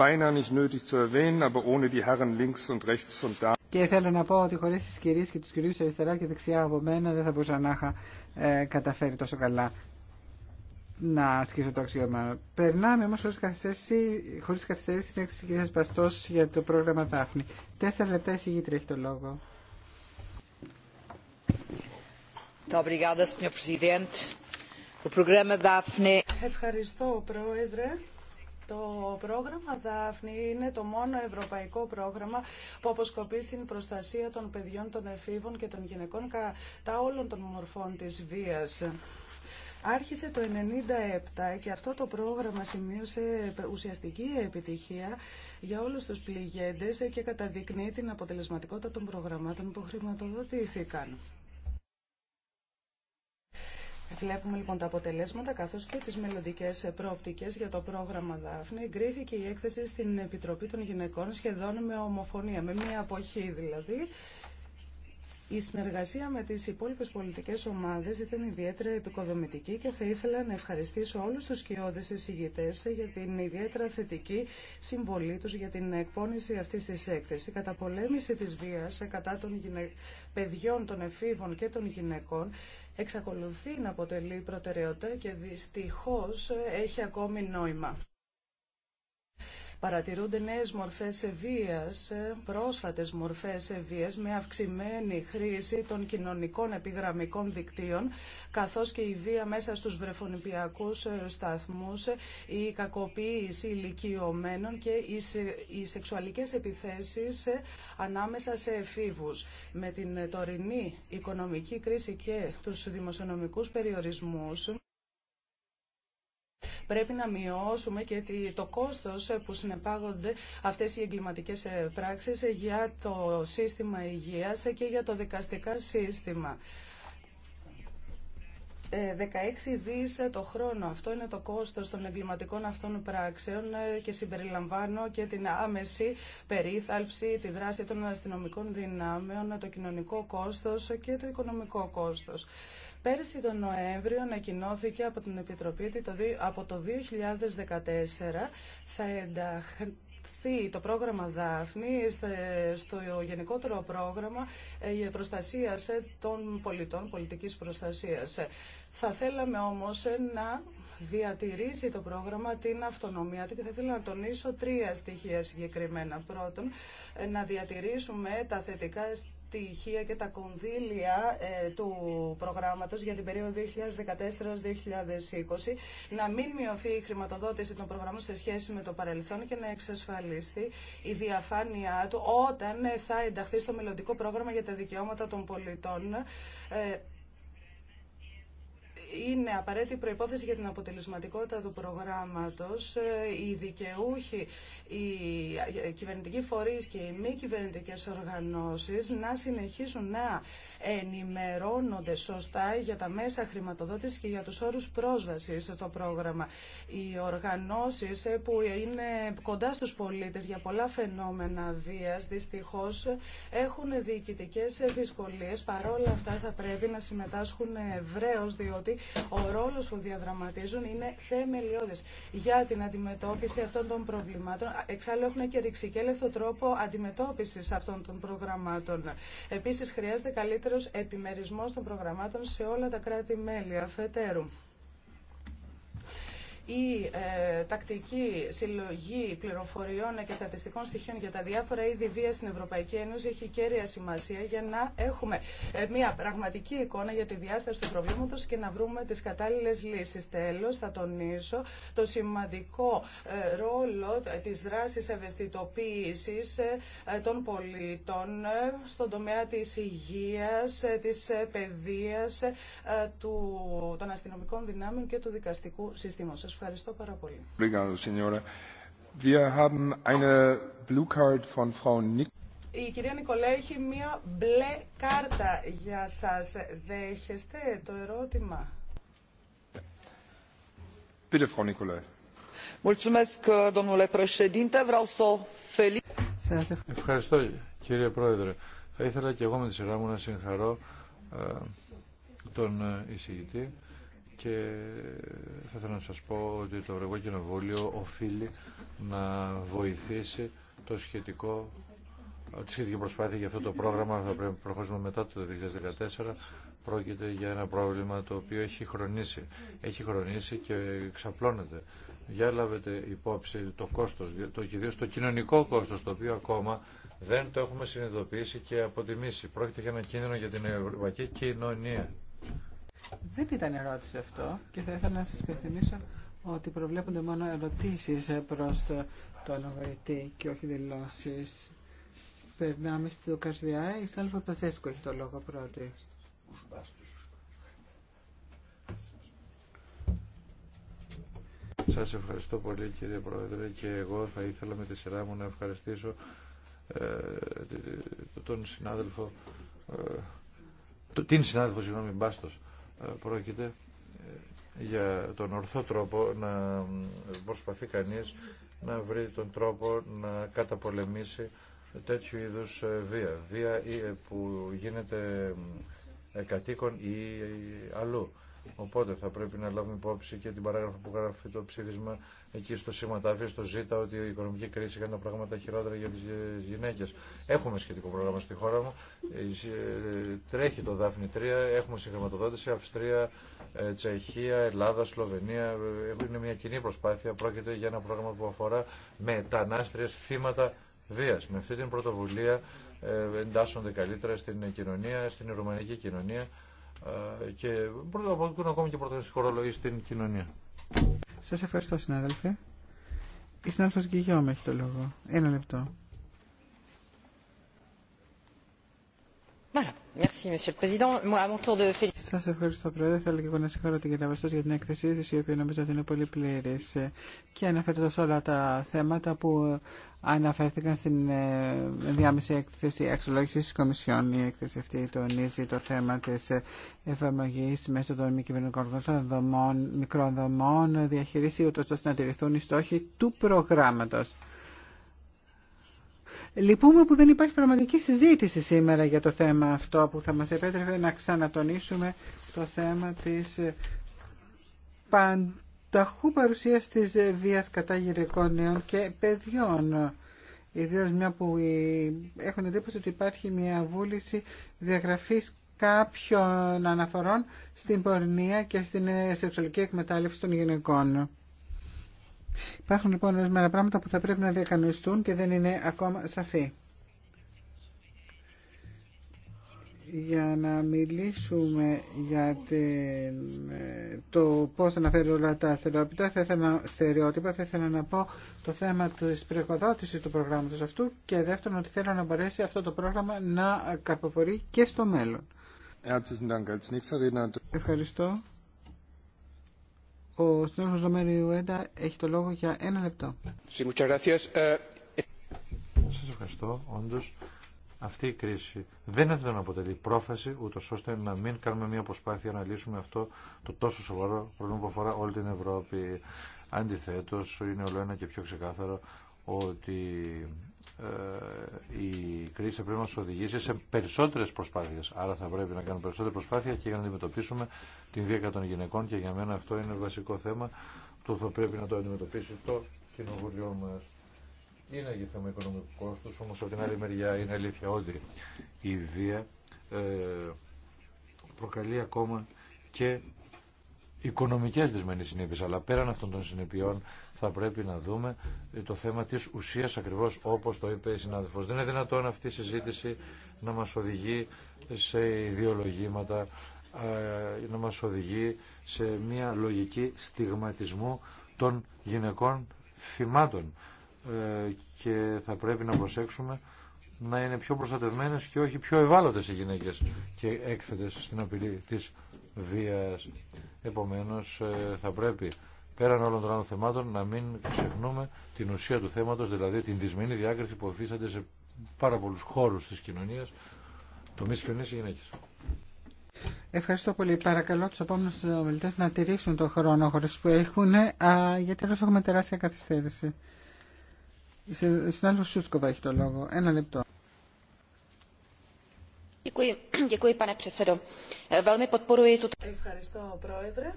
beinahe nicht nötig zu erwähnen, aber ohne die Herren links und rechts und da. Και θέλω να πω ότι χωρί τι κυρίε και του κυρίου αριστερά και δεξιά από μένα δεν θα μπορούσα να είχα ε, καταφέρει τόσο καλά να ασκήσω το αξίωμα. Περνάμε όμω χωρί καθυστέρηση στην τη κυρία Παστό για το πρόγραμμα Δάφνη. Τέσσερα λεπτά εισηγήτρια έχει το λόγο. Ευχαριστώ, Πρόεδρε. Το πρόγραμμα Δάφνη είναι το μόνο ευρωπαϊκό πρόγραμμα που αποσκοπεί στην προστασία των παιδιών, των εφήβων και των γυναικών κατά όλων των μορφών της βίας. Άρχισε το 1997 και αυτό το πρόγραμμα σημείωσε ουσιαστική επιτυχία για όλους τους πληγέντες και καταδεικνύει την αποτελεσματικότητα των προγραμμάτων που χρηματοδοτήθηκαν. Βλέπουμε λοιπόν τα αποτελέσματα καθώς και τις μελλοντικέ προοπτικές για το πρόγραμμα Δάφνη. Εγκρίθηκε η έκθεση στην Επιτροπή των Γυναικών σχεδόν με ομοφωνία, με μία αποχή δηλαδή. Η συνεργασία με τις υπόλοιπες πολιτικές ομάδες ήταν ιδιαίτερα επικοδομητική και θα ήθελα να ευχαριστήσω όλους τους σκιώδες εισηγητές για την ιδιαίτερα θετική συμβολή τους για την εκπόνηση αυτής της έκθεσης. Η καταπολέμηση της βίας κατά των παιδιών, των εφήβων και των γυναικών εξακολουθεί να αποτελεί προτεραιότητα και δυστυχώς έχει ακόμη νόημα. Παρατηρούνται νέες μορφές βίας, ε, πρόσφατες μορφές βίας με αυξημένη χρήση των κοινωνικών επιγραμμικών δικτύων καθώς και η βία μέσα στους βρεφονιπιακούς ε, σταθμούς, ε, η κακοποίηση ηλικιωμένων και οι σεξουαλικές επιθέσεις ανάμεσα σε εφήβους. Με την τωρινή οικονομική κρίση και τους δημοσιονομικούς περιορισμούς Πρέπει να μειώσουμε και το κόστος που συνεπάγονται αυτές οι εγκληματικές ε, πράξεις για το σύστημα υγείας και για το δικαστικά σύστημα. 16 ε, δις το χρόνο. Αυτό είναι το κόστος των εγκληματικών αυτών πράξεων ε, και συμπεριλαμβάνω και την άμεση περίθαλψη, τη δράση των αστυνομικών δυνάμεων, το κοινωνικό κόστος και το οικονομικό κόστος. Πέρσι τον Νοέμβριο ανακοινώθηκε από την Επιτροπή ότι από το 2014 θα ενταχθεί το πρόγραμμα Δάφνη στο γενικότερο πρόγραμμα ε, προστασία ε, των πολιτών, πολιτικής προστασίας. Θα θέλαμε όμως ε, να διατηρήσει το πρόγραμμα την αυτονομία του και θα ήθελα να τονίσω τρία στοιχεία συγκεκριμένα. Πρώτον, να διατηρήσουμε τα θετικά και τα κονδύλια ε, του προγράμματος για την περίοδο 2014-2020 να μην μειωθεί η χρηματοδότηση των προγραμμάτων σε σχέση με το παρελθόν και να εξασφαλιστεί η διαφάνειά του όταν θα ενταχθεί στο μελλοντικό πρόγραμμα για τα δικαιώματα των πολιτών ε, είναι απαραίτητη προϋπόθεση για την αποτελεσματικότητα του προγράμματος. Ε, οι δικαιούχοι, ε, οι κυβερνητικοί φορείς και οι μη κυβερνητικές οργανώσεις να συνεχίσουν να ενημερώνονται σωστά για τα μέσα χρηματοδότησης και για τους όρους πρόσβασης στο πρόγραμμα. Οι οργανώσεις ε, που είναι κοντά στους πολίτες για πολλά φαινόμενα βίας, δυστυχώς έχουν διοικητικές δυσκολίες. Παρόλα αυτά θα πρέπει να συμμετάσχουν διότι ο ρόλος που διαδραματίζουν είναι θεμελιώδης για την αντιμετώπιση αυτών των προβλημάτων. Εξάλλου έχουν και ρηξικέλευθο τρόπο αντιμετώπισης αυτών των προγραμμάτων. Επίσης χρειάζεται καλύτερος επιμερισμός των προγραμμάτων σε όλα τα κράτη-μέλη αφετέρου η ε, τακτική συλλογή πληροφοριών και στατιστικών στοιχείων για τα διάφορα είδη βία στην Ευρωπαϊκή Ένωση έχει κέρια σημασία για να έχουμε ε, μια πραγματική εικόνα για τη διάσταση του προβλήματο και να βρούμε τι κατάλληλε λύσει. Τέλο, θα τονίσω το σημαντικό ε, ρόλο τη δράση ευαισθητοποίηση των πολιτών στον τομέα τη υγεία, τη παιδεία, των αστυνομικών δυνάμεων και του δικαστικού συστήματο. Ευχαριστώ πάρα πολύ. Η κυρία Νικολέ έχει μία μπλε κάρτα για σας. Δέχεστε το ερώτημα. Bitte, Frau Nicolai. Mulțumesc, domnule președinte. Vreau să o felic. Ευχαριστώ, κύριε Πρόεδρε. Θα ήθελα και εγώ με τη σειρά μου να συγχαρώ ε, τον ε, εισηγητή και θα ήθελα να σας πω ότι το Ευρωπαϊκό Κοινοβούλιο οφείλει να βοηθήσει το σχετικό τη σχετική προσπάθεια για αυτό το πρόγραμμα θα πρέπει να προχωρήσουμε μετά το 2014 πρόκειται για ένα πρόβλημα το οποίο έχει χρονίσει έχει χρονίσει και ξαπλώνεται για λάβετε υπόψη το κόστος το, ιδίως το κοινωνικό κόστος το οποίο ακόμα δεν το έχουμε συνειδητοποιήσει και αποτιμήσει πρόκειται για ένα κίνδυνο για την ευρωπαϊκή κοινωνία δεν ήταν ερώτηση αυτό και θα ήθελα να σας υπενθυμίσω ότι προβλέπονται μόνο ερωτήσεις ε, προς το, τον αγορητή και όχι δηλώσεις. Περνάμε στο Καρδιά. Η Σάλφα Πασέσκο έχει το λόγο πρώτη. Σας ευχαριστώ πολύ κύριε Πρόεδρε και εγώ θα ήθελα με τη σειρά μου να ευχαριστήσω ε, τον συνάδελφο ε, την συνάδελφο συγγνώμη Μπάστος πρόκειται ε, για τον ορθό τρόπο να προσπαθεί κανείς να βρει τον τρόπο να καταπολεμήσει τέτοιου είδους ε, βία. Βία ε, που γίνεται κατοίκων ή αλλού. Οπότε θα πρέπει να λάβουμε υπόψη και την παράγραφο που γράφει το ψήφισμα εκεί στο σήμα τάφη, στο ΖΙΤΑ, ότι η οικονομική κρίση κάνει τα πράγματα χειρότερα για τι ε, γυναίκε. Έχουμε σχετικό πρόγραμμα στη χώρα μου. Ε, ε, τρέχει το Δάφνη 3, έχουμε συγχρηματοδότηση Αυστρία, Τσεχία, Ελλάδα, Σλοβενία. Είναι μια κοινή προσπάθεια. Πρόκειται για ένα πρόγραμμα που αφορά μετανάστριε θύματα βία. Με αυτή την πρωτοβουλία εντάσσονται καλύτερα στην κοινωνία, στην ρουμανική κοινωνία και αποτελούν ακόμη και πρωτοβουλία χωρολογή στην κοινωνία. Σας ευχαριστώ συνάδελφε. Η συνάδελφος Γκυγιώμη έχει το λόγο. Ένα λεπτό. Σα ευχαριστώ, Πρόεδρε. Θέλω και εγώ να συγχαρώ την κυρία Βαστό για την έκθεσή τη, η οποία νομίζω ότι είναι πολύ πλήρη και αναφέρεται σε όλα τα θέματα που αναφέρθηκαν στην ε, διάμεση έκθεση αξιολόγηση τη Κομισιόν. Η έκθεση αυτή τονίζει το θέμα τη εφαρμογή μέσω των μη κυβερνικών οργανώσεων δομών, μικρών δομών, διαχείριση, ούτω ώστε να τηρηθούν οι στόχοι του προγράμματο. Λυπούμε που δεν υπάρχει πραγματική συζήτηση σήμερα για το θέμα αυτό που θα μας επέτρεπε να ξανατονίσουμε το θέμα της ε, πανταχού παρουσίας της ε, βίας κατά γυναικών νέων και παιδιών. Ιδίω μια που έχουν εντύπωση ότι υπάρχει μια βούληση διαγραφής κάποιων αναφορών στην πορνεία και στην ε, σεξουαλική εκμετάλλευση των γυναικών. Υπάρχουν λοιπόν ορισμένα πράγματα που θα πρέπει να διακανονιστούν και δεν είναι ακόμα σαφή. Για να μιλήσουμε για το πώς αναφέρει όλα τα στερεότυπα, θα ήθελα, στερεότυπα, θα ήθελα να πω το θέμα της πρεκοδότησης του προγράμματος αυτού και δεύτερον ότι θέλω να μπορέσει αυτό το πρόγραμμα να καρποφορεί και στο μέλλον. Ευχαριστώ. Ο έχει το λόγο για ένα λεπτό. Ε, Σας ευχαριστώ. όντω. αυτή η κρίση δεν είναι αποτελεί πρόφαση, ούτως ώστε να μην κάνουμε μια προσπάθεια να λύσουμε αυτό το τόσο σοβαρό πρόβλημα που αφορά όλη την Ευρώπη. Αντιθέτω, είναι όλο ένα και πιο ξεκάθαρο ότι ε, η κρίση πρέπει να μας οδηγήσει σε περισσότερες προσπάθειες. Άρα θα πρέπει να κάνουμε περισσότερες προσπάθεια και για να αντιμετωπίσουμε την βία των γυναικών και για μένα αυτό είναι βασικό θέμα που θα πρέπει να το αντιμετωπίσει το κοινοβούλιο μας. Είναι και θέμα οικονομικού κόστος, όμως από την άλλη μεριά είναι αλήθεια ότι η βία ε, προκαλεί ακόμα και οικονομικές δυσμενείς συνέπειε. αλλά πέραν αυτών των συνεπειών θα πρέπει να δούμε ε, το θέμα της ουσία ακριβώς όπως το είπε η συνάδελφος. Δεν είναι δυνατόν αυτή η συζήτηση να μας οδηγεί σε ιδεολογήματα, ε, να μας οδηγεί σε μια λογική στιγματισμού των γυναικών θυμάτων ε, και θα πρέπει να προσέξουμε να είναι πιο προστατευμένες και όχι πιο ευάλωτες οι γυναίκες και έκθετες στην απειλή της βίας. Επομένως ε, θα πρέπει πέραν όλων των άλλων θεμάτων να μην ξεχνούμε την ουσία του θέματος, δηλαδή την δυσμενή διάκριση που αφήσατε σε πάρα πολλούς χώρους της κοινωνίας, το μη κοινωνίας και Ευχαριστώ πολύ. Παρακαλώ του επόμενου ομιλητέ να τηρήσουν τον χρόνο χωρί που έχουν, α, γιατί αλλιώ έχουμε τεράστια καθυστέρηση. Συνάδελφο Σούσκοβα έχει το λόγο. Ένα λεπτό. Ευχαριστώ, Πρόεδρε.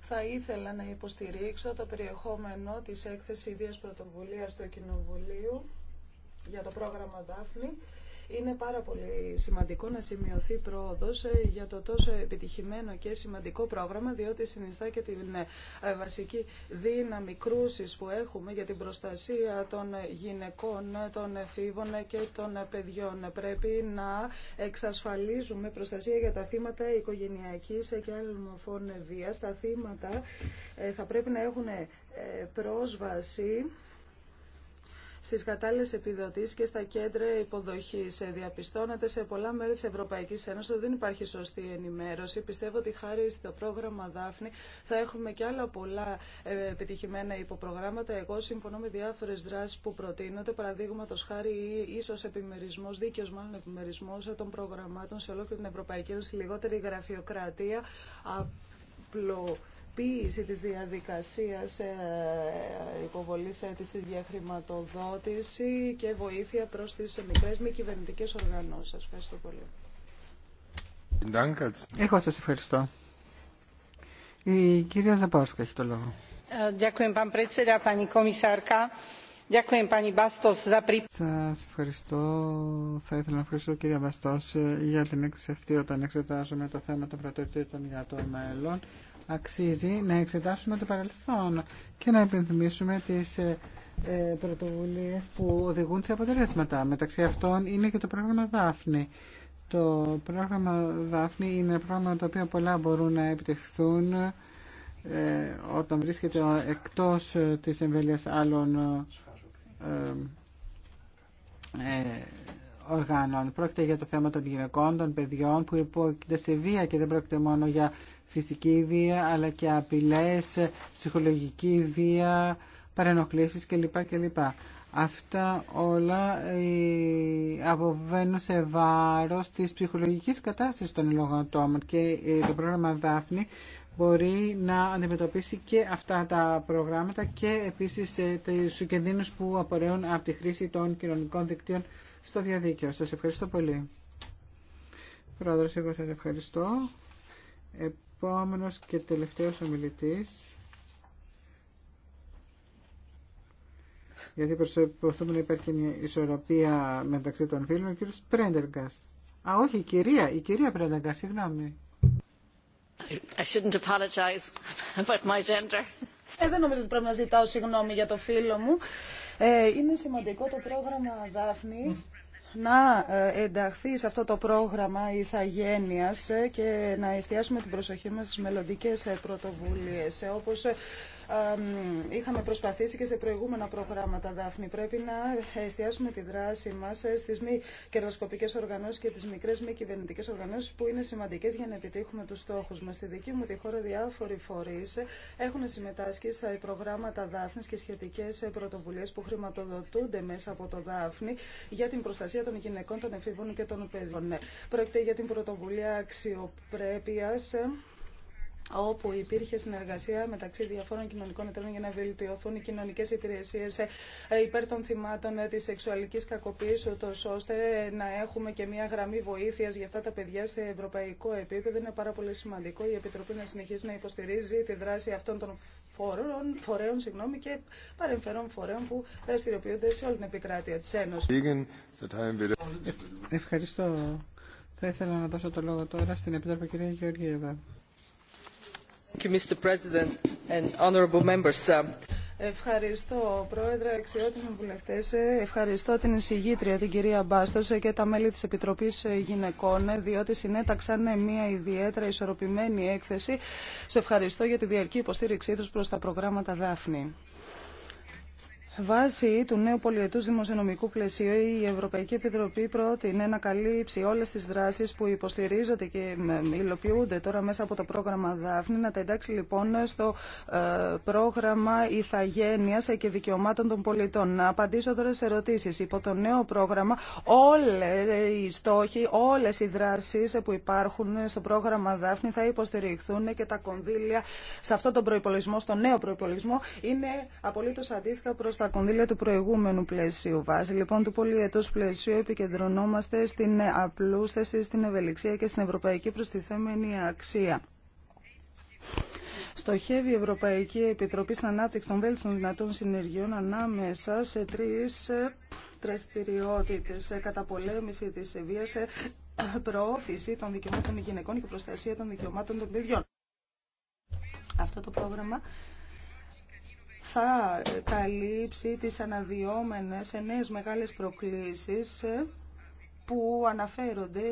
Θα ήθελα να υποστηρίξω το περιεχόμενο της έκθεσης ίδιας πρωτοβουλίας του Κοινοβουλίου για το πρόγραμμα Δάφνη. Είναι πάρα πολύ σημαντικό να σημειωθεί πρόοδος ε, για το τόσο επιτυχημένο και σημαντικό πρόγραμμα, διότι συνιστά και την ε, ε, βασική δύναμη κρούση που έχουμε για την προστασία των γυναικών, των εφήβων και των παιδιών. Πρέπει να εξασφαλίζουμε προστασία για τα θύματα οικογενειακής και άλλων μορφών Τα θύματα θα πρέπει να έχουν πρόσβαση Στι κατάλληλε επιδοτήσει και στα κέντρα υποδοχής. Ε, Διαπιστώνατε σε πολλά μέρη τη Ευρωπαϊκή Ένωση. ότι δεν υπάρχει σωστή ενημέρωση. Πιστεύω ότι χάρη στο πρόγραμμα Δάφνη θα έχουμε και άλλα πολλά ε, επιτυχημένα υποπρογράμματα. Εγώ συμφωνώ με διάφορε δράσει που προτείνονται, παραδείγματο χάρη ίσω επιμερισμό, δίκαιος μάλλον επιμερισμό των προγραμμάτων σε ολόκληρη την Ευρωπαϊκή Ένωση, λιγότερη γραφειοκρατία, απλό απλοποίηση της διαδικασίας ε, υποβολής αίτησης ε, για χρηματοδότηση και βοήθεια προς τις μικρές μη κυβερνητικέ οργανώσεις. Σας ευχαριστώ πολύ. Εγώ σας ευχαριστώ. Η κυρία Ζαπόρσκα έχει το λόγο. Ε, σας ευχαριστώ. Θα ήθελα να ευχαριστώ κυρία Μπαστός για την έκθεση αυτή όταν εξετάζουμε το θέμα των πρωτοτήτων για το μέλλον αξίζει να εξετάσουμε το παρελθόν και να επιθυμίσουμε τις ε, ε, πρωτοβουλίες που οδηγούν σε αποτελέσματα. Μεταξύ αυτών είναι και το πρόγραμμα Δάφνη. Το πρόγραμμα Δάφνη είναι ένα πρόγραμμα το οποίο πολλά μπορούν να επιτευχθούν ε, όταν βρίσκεται εκτός της εμβέλειας άλλων οργάνων. Πρόκειται για το θέμα των γυναικών, των παιδιών που υπόκειται σε βία και δεν πρόκειται μόνο για φυσική βία αλλά και απειλές, ψυχολογική βία, παρενοχλήσεις κλπ. κλπ. Αυτά όλα ε, αποβαίνουν σε βάρος της ψυχολογικής κατάστασης των λογοτομων και ε, το πρόγραμμα Δάφνη μπορεί να αντιμετωπίσει και αυτά τα προγράμματα και επίσης ε, τους κινδύνους που απορρέουν από τη χρήση των κοινωνικών δικτύων στο διαδίκτυο. Σας ευχαριστώ πολύ. Πρόεδρος, εγώ σας ευχαριστώ. Επόμενος και τελευταίος ομιλητής. Γιατί προσπαθούμε να υπάρχει μια ισορροπία μεταξύ των φίλων. Ο κύριος Πρέντεργκας. Α, όχι, η κυρία. Η κυρία Πρέντεργκας. συγγνώμη. I shouldn't apologize about my gender. Ε, δεν νομίζω ότι πρέπει να ζητάω συγγνώμη για το φίλο μου. Ε, είναι σημαντικό το πρόγραμμα Δάφνη να ε, ενταχθεί σε αυτό το πρόγραμμα ηθαγένειας ε, και να εστιάσουμε την προσοχή μας στις μελλοντικές ε, πρωτοβουλίες όπως είχαμε προσπαθήσει και σε προηγούμενα προγράμματα, Δάφνη. Πρέπει να εστιάσουμε τη δράση μα ε, στι μη κερδοσκοπικέ οργανώσει και τι μικρέ μη κυβερνητικέ οργανώσει που είναι σημαντικέ για να επιτύχουμε του στόχου μα. Στη δική μου τη χώρα, διάφοροι φορεί έχουν συμμετάσχει στα προγράμματα Δάφνη και σχετικέ ε, πρωτοβουλίε που χρηματοδοτούνται μέσα από το Δάφνη για την προστασία των γυναικών, των εφήβων και των παιδιών. Ναι. Πρόκειται για την πρωτοβουλία αξιοπρέπεια ε, όπου υπήρχε συνεργασία μεταξύ διαφόρων κοινωνικών εταιρεών για να βελτιωθούν οι κοινωνικές υπηρεσίες ε, υπέρ των θυμάτων ε, της σεξουαλικής κακοποίησης, ώστε να έχουμε και μια γραμμή βοήθειας για αυτά τα παιδιά σε ευρωπαϊκό επίπεδο. Είναι πάρα πολύ σημαντικό η Επιτροπή να συνεχίσει να υποστηρίζει τη δράση αυτών των φορέων, φορέων συγγνώμη, και παρεμφερών φορέων που δραστηριοποιούνται σε όλη την επικράτεια της Ένωσης. Ε, ευχαριστώ. Θα ήθελα να δώσω το λόγο τώρα στην Επιτροπή κυρία Γεωργίευα. Ευχαριστώ, Πρόεδρε, αξιότιμοι βουλευτέ. Ευχαριστώ την εισηγήτρια, την κυρία Μπάστος και τα μέλη της Επιτροπής Γυναικών, διότι συνέταξαν μια ιδιαίτερα ισορροπημένη έκθεση. Σε ευχαριστώ για τη διαρκή υποστήριξή τους προς τα προγράμματα Δάφνη. Βάσει του νέου πολιετούς δημοσιονομικού πλαισίου, η Ευρωπαϊκή Επιτροπή πρότεινε να καλύψει όλες τις δράσεις που υποστηρίζονται και υλοποιούνται τώρα μέσα από το πρόγραμμα Δάφνη, να τα εντάξει λοιπόν στο ε, πρόγραμμα Ιθαγένειας και Δικαιωμάτων των Πολιτών. Να απαντήσω τώρα σε ερωτήσεις. Υπό το νέο πρόγραμμα όλες οι στόχοι, όλες οι δράσεις που υπάρχουν στο πρόγραμμα Δάφνη θα υποστηριχθούν και τα κονδύλια σε αυτό τον προϋπολογισμό, στο νέο προϋπολογισμό, είναι απολύτως αντίστοιχα προς στα κονδύλια του προηγούμενου πλαισίου. Βάσει λοιπόν του πολυετούς πλαισίου επικεντρωνόμαστε στην απλούσταση, στην ευελιξία και στην ευρωπαϊκή προστιθέμενη αξία. Στοχεύει η Ευρωπαϊκή Επιτροπή στην ανάπτυξη των βέλτιστων δυνατών συνεργειών ανάμεσα σε τρεις δραστηριότητε. Καταπολέμηση τη βία, προώθηση των δικαιωμάτων των γυναικών και προστασία των δικαιωμάτων των παιδιών. Αυτό το πρόγραμμα θα καλύψει τις αναδυόμενες νέες μεγάλες προκλήσεις ε, που αναφέρονται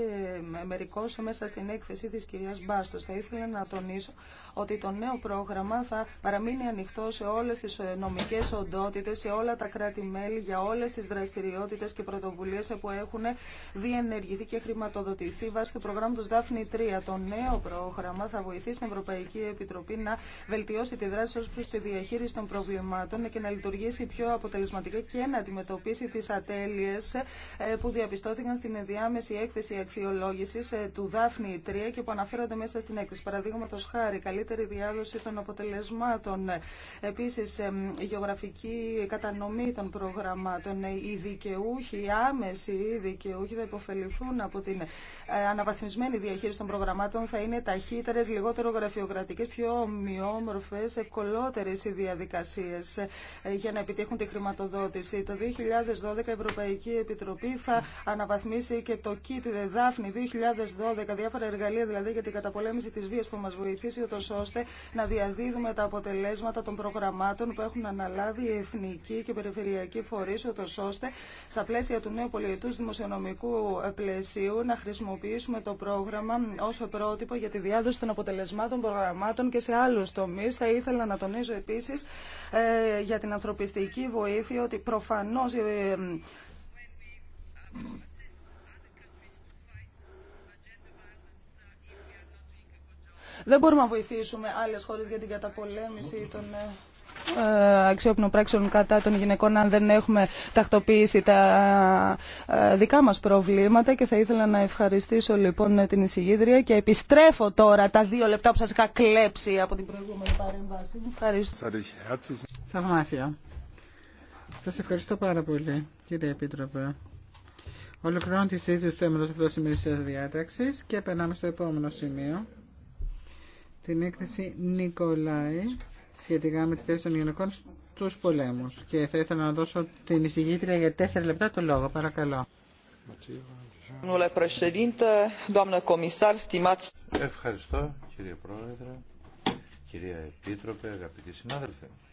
μερικώς μέσα στην έκθεση της κυρίας Μπάστο. Θα ήθελα να τονίσω ότι το νέο πρόγραμμα θα παραμείνει ανοιχτό σε όλες τις ε, νομικές οντότητες, σε όλα τα κράτη-μέλη, για όλες τις δραστηριότητες και πρωτοβουλίες που έχουν διενεργηθεί και χρηματοδοτηθεί βάσει του προγράμματος Δάφνη 3. Το νέο πρόγραμμα θα βοηθήσει την Ευρωπαϊκή Επιτροπή να βελτιώσει τη δράση ως προς τη διαχείριση των προβλημάτων και να λειτουργήσει πιο αποτελεσματικά και να αντιμετωπίσει τις ατέλειες ε, που διαπιστώθηκαν στην ενδιάμεση έκθεση αξιολόγηση ε, του Δάφνη 3 και που αναφέρονται μέσα στην έκθεση. Παραδείγματο χάρη, καλύτερη διάδοση των αποτελεσμάτων. Ε, Επίση, ε, γεωγραφική κατανομή των προγραμμάτων. Οι δικαιούχοι, οι άμεσοι δικαιούχοι θα υποφεληθούν από την αναβαθμισμένη διαχείριση των προγραμμάτων. Θα είναι ταχύτερε, λιγότερο γραφειοκρατικέ, πιο ομοιόμορφε, ευκολότερε οι διαδικασίε για να επιτύχουν τη χρηματοδότηση. Το 2012 Ευρωπαϊκή Επιτροπή θα αναβαθμίσει ρυθμίσει και το ΚΙΤ Δάφνη 2012, διάφορα εργαλεία δηλαδή για την καταπολέμηση τη βία, θα μα βοηθήσει ούτως ώστε να διαδίδουμε τα αποτελέσματα των προγραμμάτων που έχουν αναλάβει οι εθνικοί και περιφερειακοί φορεί, ώστε στα πλαίσια του νέου πολιετού δημοσιονομικού πλαισίου να χρησιμοποιήσουμε το πρόγραμμα ω πρότυπο για τη διάδοση των αποτελεσμάτων προγραμμάτων και σε άλλου τομεί. Θα ήθελα να τονίζω επίση ε, για την ανθρωπιστική βοήθεια ότι προφανώ ε, Δεν μπορούμε να βοηθήσουμε άλλε χώρε για την καταπολέμηση των ε, ε, αξιόπινων πράξεων κατά των γυναικών αν δεν έχουμε τακτοποιήσει τα ε, δικά μας προβλήματα και θα ήθελα να ευχαριστήσω λοιπόν την εισηγήτρια και επιστρέφω τώρα τα δύο λεπτά που σας είχα κλέψει από την προηγούμενη παρέμβαση. Ευχαριστώ. Θαυμάσια. Σας ευχαριστώ πάρα πολύ κύριε Επίτροπε. Ολοκληρώνω τη συζήτηση του έμενος αυτό σημείο της διάταξης και περνάμε στο επόμενο σημείο την έκθεση Νικολάη σχετικά με τη θέση των γυναικών στους πολέμους. Και θα ήθελα να δώσω την εισηγήτρια για τέσσερα λεπτά το λόγο. Παρακαλώ. Ευχαριστώ κύριε Πρόεδρε, κυρία Επίτροπε, αγαπητοί συνάδελφοι.